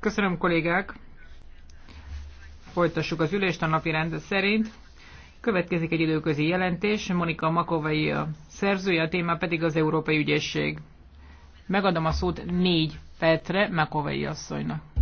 Köszönöm, kollégák. Folytassuk az ülést a napi rend szerint. Következik egy időközi jelentés, Monika Makovai a szerzője, a téma pedig az Európai Ügyészség. Megadom a szót négy Petre Makovai asszonynak.